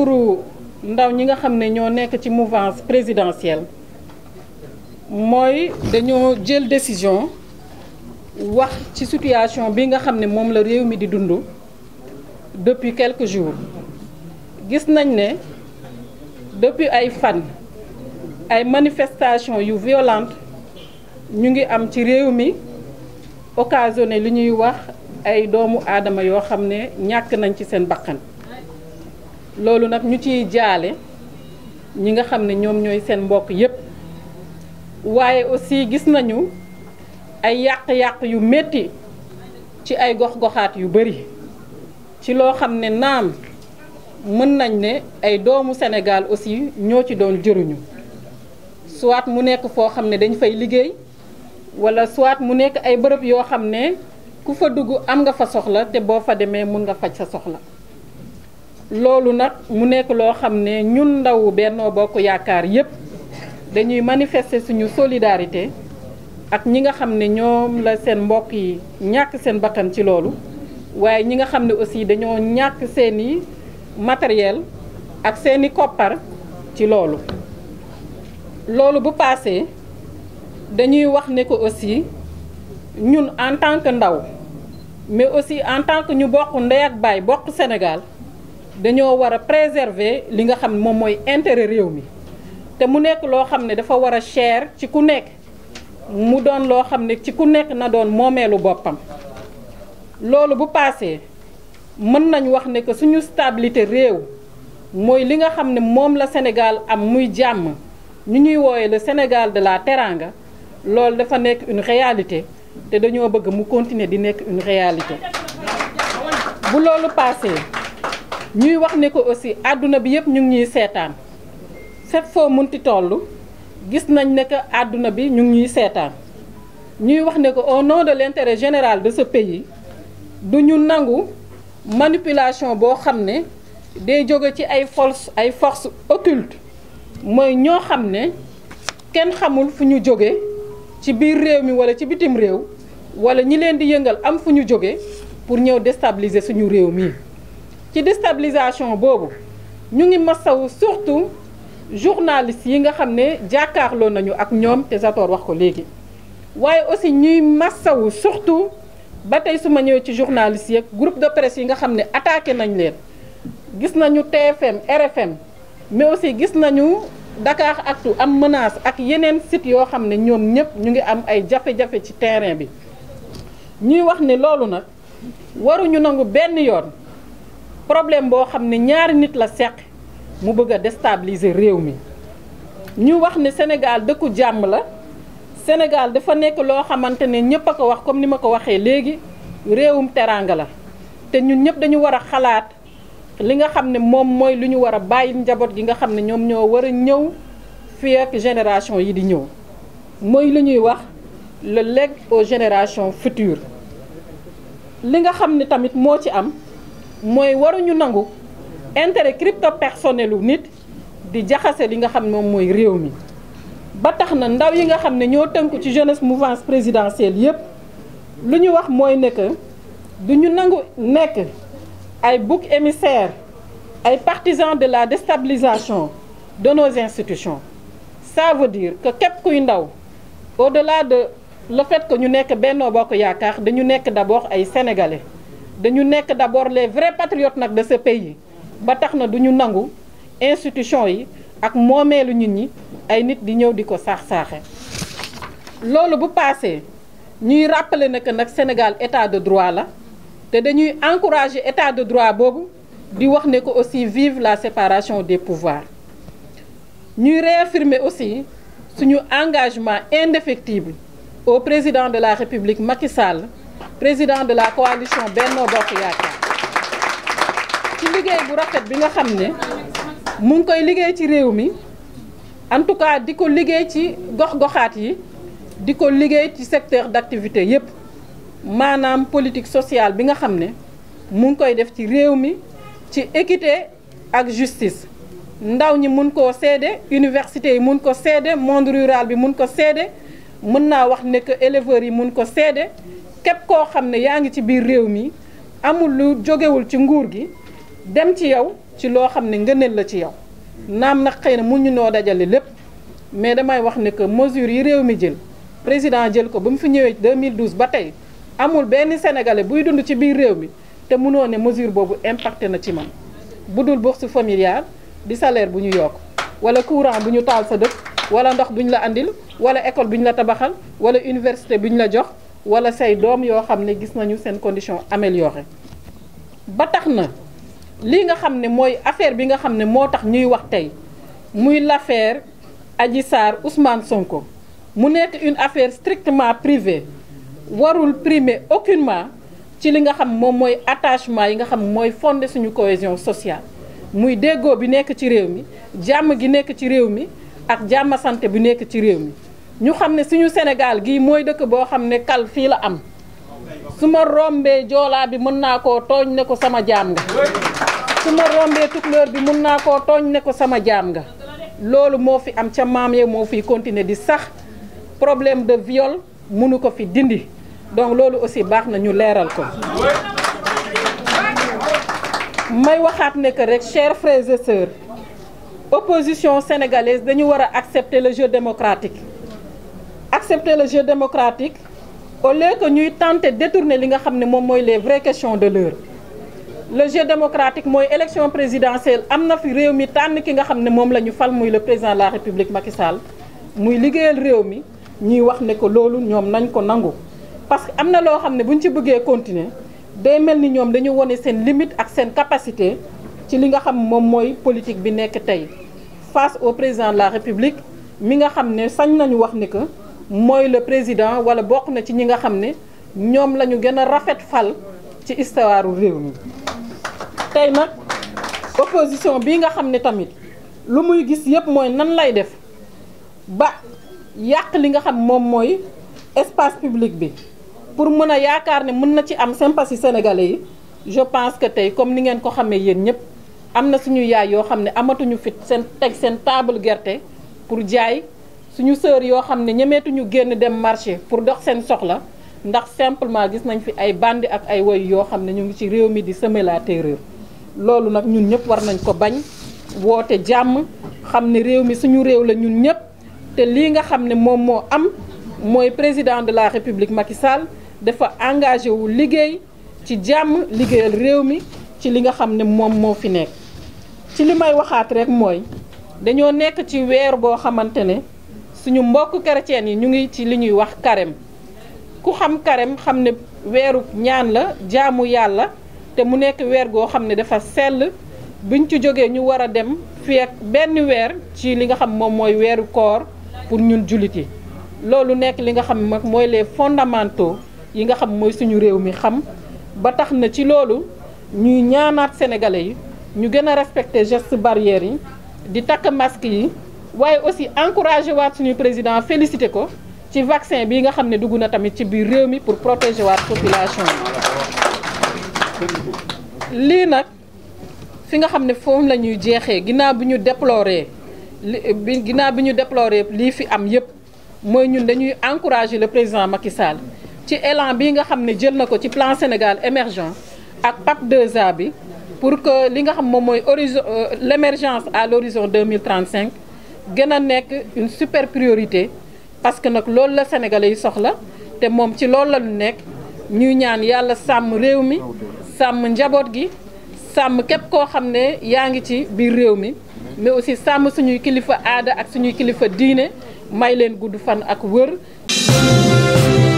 turu ndaw ñi nga xam ne ñoo nekk ci mouvance présidentielle mooy dañoo jël décision wax ci situation bi nga xam ne moom la réew mi di dundu depuis quelques jours gis nañ ne depuis ay fan ay manifestations yu violentes ñu ngi am ci réew mi occasionné li ñuy wax ay doomu aadama yoo xam ne ñàkk nañ ci seen bakkan loolu nag ñu ciy jaale ñi nga xam ne ñoom ñooy seen mbokk yépp waaye aussi gis nañu ay yàq-yàq yu metti ci ay gox-goxaat yu bari ci loo xam ne naam mën nañ ne ay doomu senegal aussi ñoo ci doon jëruñu soit mu nekk foo xam ne dañ fay liggéey walla soit mu nekk ay bërëb yoo xam ne ku fa dugg am nga fa soxla te boo fa demee mun nga faj sa soxla loolu nag mu nekk loo xam ne ñun ndawu Benno Bokk Yaakaar yépp dañuy manifester suñu solidarité ak ñi nga xam ne ñoom la seen mbokk yi ñàkk seen bakkan ci loolu waaye ñi nga xam ne aussi dañoo ñàkk seeni matériel ak seeni koppar ci loolu loolu bu paase dañuy wax ne ko aussi ñun en tant que ndaw mais aussi en tant que ñu bokk ndey ak baay bokk Sénégal dañoo war a préserver li nga xam moom mooy intérêt réew mi te mu nekk loo xam ne dafa war a cher ci ku nekk mu doon loo xam ne ci ku nekk na doon moomeelu boppam loolu bu paasee mën nañ wax ne que suñu stabilité réew mooy li nga xam ne moom la Sénégal am muy jàmm ñu ñuy wooye le Sénégal de la Teranga loolu dafa nekk une réalité te dañoo bëgg mu continuer di nekk une réalité bu loolu paasee ñuy wax ni ko aussi àdduna bi yëpp ñu ngi ñuy seetaan fépp foo ti toll gis nañ ne que àdduna bi ñu ngi ñuy seetaan ñuy wax ne ko au nom de l' intérêt général de ce pays du ñu nangu manipulation boo xam ne day jóge ci ay force ay force occulte mooy ñoo xam ne kenn xamul fu ñu jóge ci biir réew mi wala ci bitim réew wala ñi leen di yëngal am fu ñu jóge pour ñëw déstabiliser suñu réew mi ci destabilisation boobu ñu ngi masawu surtout journalistes yi nga xam ne jàkkaarloo nañu ak ñoom te Zator wax ko léegi waaye aussi ñuy masawu surtout ba tey su ma ñëwee ci journalistes yeeg groupe de presse yi nga xam ne attaqué nañ leen gis nañu TFM RFM mais aussi gis nañu Dakar Actu am menace ak yeneen sit yoo xam ne ñoom ñëpp ñu ngi am ay jafe-jafe ci terrain bi ñuy wax ne loolu nag waruñu nangu benn yoon. problème boo xam ne ñaari nit la seq mu bëgg a déstabiliser réew mi ñu wax ni Sénégal dëkku jàmm la Sénégal dafa nekk loo xamante ne ñëpp a ko wax comme ni ma ko waxee léegi réewum teraanga la te ñun ñëpp dañu war a xalaat li nga xam ne moom mooy lu ñu war a bàyyi njaboot gi nga xam ne ñoom ñoo war a ñëw fii ak génération yi di ñëw mooy lu ñuy wax la legs aux générations futures li nga xam ne tamit moo ci am. mooy waruñu nangu intérêt crypto personnel u nit di jaxase li nga xam ne moom mooy réew mi ba tax na ndaw yi nga xam ne ñoo tënku ci jeunesse mouvance présidentielle yépp lu ñu wax mooy ne que du ñu nangu nekk ay bouc émissaire ay partisans de la déstabilisation de nos institutions ça veut dire que képp kuy ndaw de la de le ko ñu nekk Benno Bokk Yaakaar dañu nekk d'abord ay sénégalais dañu nekk d'abord les vrais patriotes nag de ce pays ba tax na duñu nangu institution yi ak moomeelu nit ñi ay nit di ñëw di ko saax-saaxe loolu bu paasee ñuy rappeler na que nag Sénégal état de droit la te dañuy encourager état de droit boobu di wax ne ko aussi vive la séparation des pouvoirs ñuy réaffirmer aussi suñu engagement indéfectible au président de la République Macky Sall président de la coalition Benno Bokk Yaakaar ci liggéey bu rafet bi nga xam ne mu ngi koy liggéey ci réew mi en tout cas di ko liggéey ci gox-goxaat yi di ko liggéey ci secteur d'activité yépp maanaam politique sociale bi nga xam ne mu ngi koy def ci réew mi ci équité ak justice ndaw ñi mun koo seede université yi mun ko seede monde rural bi mun ko seede mën naa wax ne que éleveurs yi mun ko seede képp koo xam ne yaa ngi ci biir réew mi amul lu jógewul ci nguur gi dem ci yow ci loo xam ne ngëneel la ci yow naam nag xëy na mun ñu noo dajale lépp mais damay wax ne que mesures yi réew mi jël président jël ko ba mu fi ñëwee 2012 ba tey amul benn sénégalais buy dund ci biir réew mi te munoo ne mesure boobu impacté na ci man bu dul bourse familiale di salaire bu ñu yokk wala courant bu ñu taal sa dëkk wala ndox bu ñu la andil wala école bu ñu la tabaxal wala université bu ñu la jox wala say doom yoo xam ne gis nañu seen condition améliorée ba tax na lii nga xam ne mooy affaire bi nga xam ne moo tax ñuy wax tey muy l'affaire aji Sarr Ousmane Sonko mu nekk une affaire strictement privée warul primer aucunement ci li nga xam moom mooy attachement yi nga xam mooy fonde suñu cohésion sociale muy déggoo bi nekk ci réew mi jàmm gi nekk ci réew mi ak jàmm santé bi nekk ci réew mi ñu xam ne suñu Sénégal gii mooy dëkk boo xam ne kal fii la am su ma rombee joolaa bi mën naa ko tooñ ne ko sama jaam nga su rombee tukulóor bi mën naa ko tooñ ne ko sama jaam nga loolu moo fi am ca maam yee moo fiy continuer di sax problème de viol mënu ko fi dindi donc loolu aussi baax na ñu leeral ko may waxaat ne que rek chers frères et sœurs opposition sénégalaise dañu war a accepter le jeu démocratique accepté le jeu démocratique au lieu que ñuy tenter détourner li nga xam ne moom mooy les vraies questions de l'heure le jeu démocratique mooy élection présidentielle am na fi réew mi tànn ki nga xam ne moom la ñu fal muy le président la république Macky muy liggéeyal réew mi ñuy wax ne ko loolu ñoom nañ ko nangu parce que am na loo xam ne bu ñu ci bëggee continuer day mel ni ñoom dañu wone seen limite ak seen capacité ci li nga xam moom mooy politique bi nekk tey face au président la république mi nga xam ne sañ nañu wax ne que mooy le président wala bokk na ci ñi nga xam ne ñoom la ñu gën a rafet fal ci istuwaaru réew mi tey nag opposition bii nga xam ne tamit lu muy gis yëpp mooy nan lay def ba yàq li nga xam moom mooy espace public bi pour mën a yaakaar ne mën na ci am sympathie sénégalais yi je pense que tey comme ni ngeen ko xamee yéen ñëpp am na suñu yaay yoo xam ne amatuñu fit seen teg seen table gerte pour jaay suñu sœur yoo xam ne ñemeetuñu génn dem marché pour dox seen soxla ndax simplement gis nañ fi ay bandi ak ay woy yoo xam ne ñu ngi ci réew mi di semer la terreur loolu nag ñun ñëpp war nañ ko bañ woote jàmm xam ne réew mi suñu réew la ñun ñëpp te lii nga xam ne moom moo am mooy président de la république Macky Sall dafa engagé wu liggéey ci jàmm liggéeyal réew mi ci li nga xam ne moom moo fi nekk ci li may waxaat rek mooy dañoo nekk ci weer boo xamante ne suñu mbokk chrétien yi ñu ngi ci li ñuy wax carême ku xam carême xam ne weeru ñaan la jaamu yàlla te mu nekk weer goo xam ne dafa sell buñ ci jógee ñu war a dem fii ak benn weer ci li nga xam moom mooy weeru koor pour ñun jullit yi loolu nekk li nga xam nag mooy les fondamentaux yi nga xam mooy suñu réew mi xam ba tax na ci loolu ñuy ñaanaat sénégalais yi ñu gën a respecter gestes barrières yi di takk masque yi waaye aussi encouragé waat suñu président félicité ko ci vaccin bi nga xam ne dugg na tamit ci biir réew mi pour protéger waat population bi lii nag fi nga xam ne foofu la ñuy jeexee ginnaaw bi ñu déploré li bi ñu déploré lii fi am yépp mooy ñun dañuy encouragé le président Macky Sall ci élan bi nga xam ne jël na ko ci plan Sénégal émergent ak PAP deux a bi pour que li nga xam moom mooy horizon euh, l'émergence à l'horizon 2035 gën a nekk une super priorité parce que nag loolu la sénégalais yu soxla te moom ci loolu la ñu nekk ñuy ñaan yàlla sàmm réew mi sàmm njaboot gi sàmm képp koo xam ne yaa ngi ci biir réew mi mais aussi sàmm suñuy kilifa aada ak suñuy kilifa diine may leen gudd fan ak wër